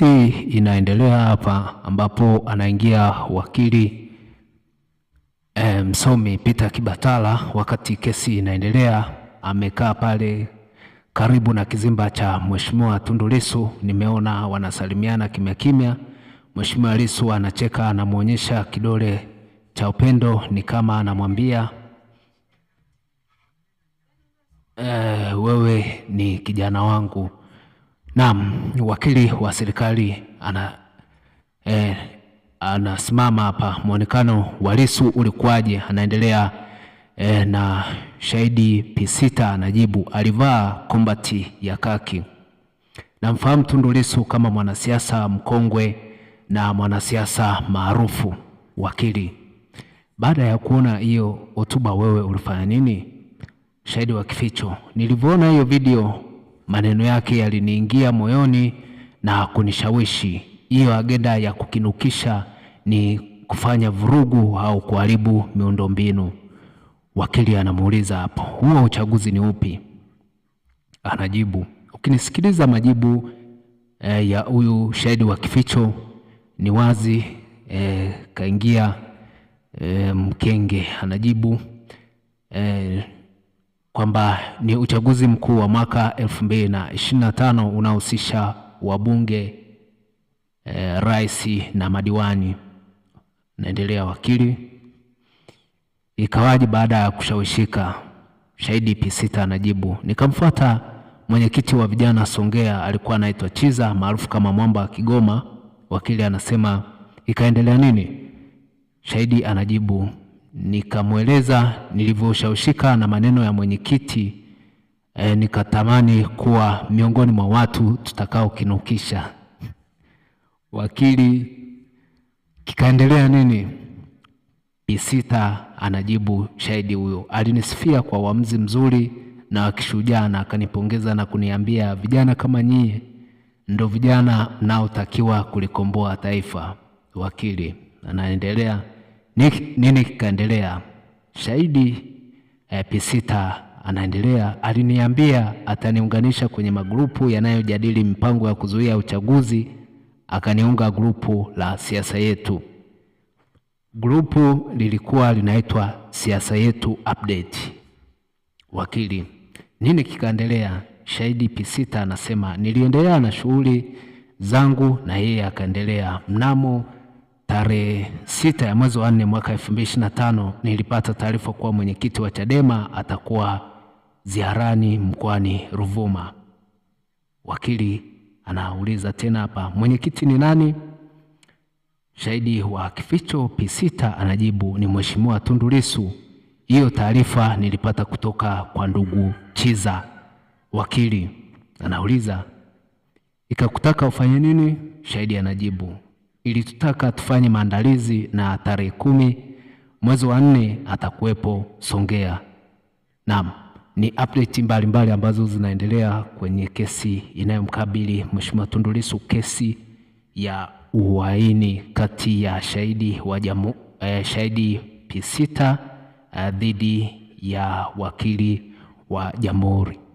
kesi inaendelea hapa, ambapo anaingia wakili e, msomi Peter Kibatala. Wakati kesi inaendelea, amekaa pale karibu na kizimba cha mheshimiwa Tundu Lissu. Nimeona wanasalimiana kimya kimya, mheshimiwa Lissu anacheka, anamwonyesha kidole cha upendo, ni kama anamwambia e, wewe ni kijana wangu. Naam, wakili wa serikali ana eh, anasimama hapa. Muonekano wa Lissu ulikuwaje? Anaendelea eh, na shahidi P6 anajibu, alivaa kombati ya kaki. Namfahamu Tundu Lissu kama mwanasiasa mkongwe na mwanasiasa maarufu. Wakili, baada ya kuona hiyo hotuba, wewe ulifanya nini? Shahidi wa kificho, nilivyoona hiyo video Maneno yake yaliniingia moyoni na kunishawishi. Hiyo agenda ya kukinukisha ni kufanya vurugu au kuharibu miundombinu. Wakili anamuuliza hapo, huo uchaguzi ni upi? Anajibu, ukinisikiliza majibu e, ya huyu shahidi wa kificho ni wazi e, kaingia e, mkenge. Anajibu e, kwamba ni uchaguzi mkuu wa mwaka 2025 unahusisha wabunge e, rais na madiwani. Naendelea wakili. Ikawaji baada ya kushawishika, shahidi P6 anajibu, nikamfuata mwenyekiti wa vijana Songea, alikuwa anaitwa Chiza maarufu kama Mwamba wa Kigoma. Wakili anasema ikaendelea nini? Shahidi anajibu nikamweleza nilivyoshawishika na maneno ya mwenyekiti e, nikatamani kuwa miongoni mwa watu tutakaokinukisha. Wakili kikaendelea nini? Isita anajibu shahidi huyo alinisifia kwa uamuzi mzuri na wa kishujaa na akanipongeza na kuniambia, vijana kama nyie ndo vijana mnaotakiwa kulikomboa taifa. Wakili anaendelea nini kikaendelea? Shahidi eh, Pisita anaendelea, aliniambia ataniunganisha kwenye magrupu yanayojadili mpango ya kuzuia uchaguzi, akaniunga grupu la siasa yetu. Grupu lilikuwa linaitwa siasa yetu update. Wakili: nini kikaendelea? Shahidi Pisita anasema niliendelea na shughuli zangu na yeye akaendelea. Mnamo tarehe sita ya mwezi wa nne mwaka tano nilipata taarifa kuwa mwenyekiti wa Chadema atakuwa ziarani mkoani Ruvuma. Wakili anauliza tena hapa, mwenyekiti ni nani? Shahidi wa kificho P6 anajibu ni Mheshimiwa Tundu Lissu. Hiyo taarifa nilipata kutoka kwa ndugu Chiza. Wakili anauliza, ikakutaka ufanye nini? Shahidi anajibu ilitutaka tufanye maandalizi na tarehe kumi mwezi wa nne atakuwepo Songea. Naam, ni update mbalimbali mbali ambazo zinaendelea kwenye kesi inayomkabili Mheshimiwa Tundu Lissu, kesi ya uhaini kati ya shahidi wa jamu, eh, shahidi Pisita eh, dhidi ya wakili wa jamhuri.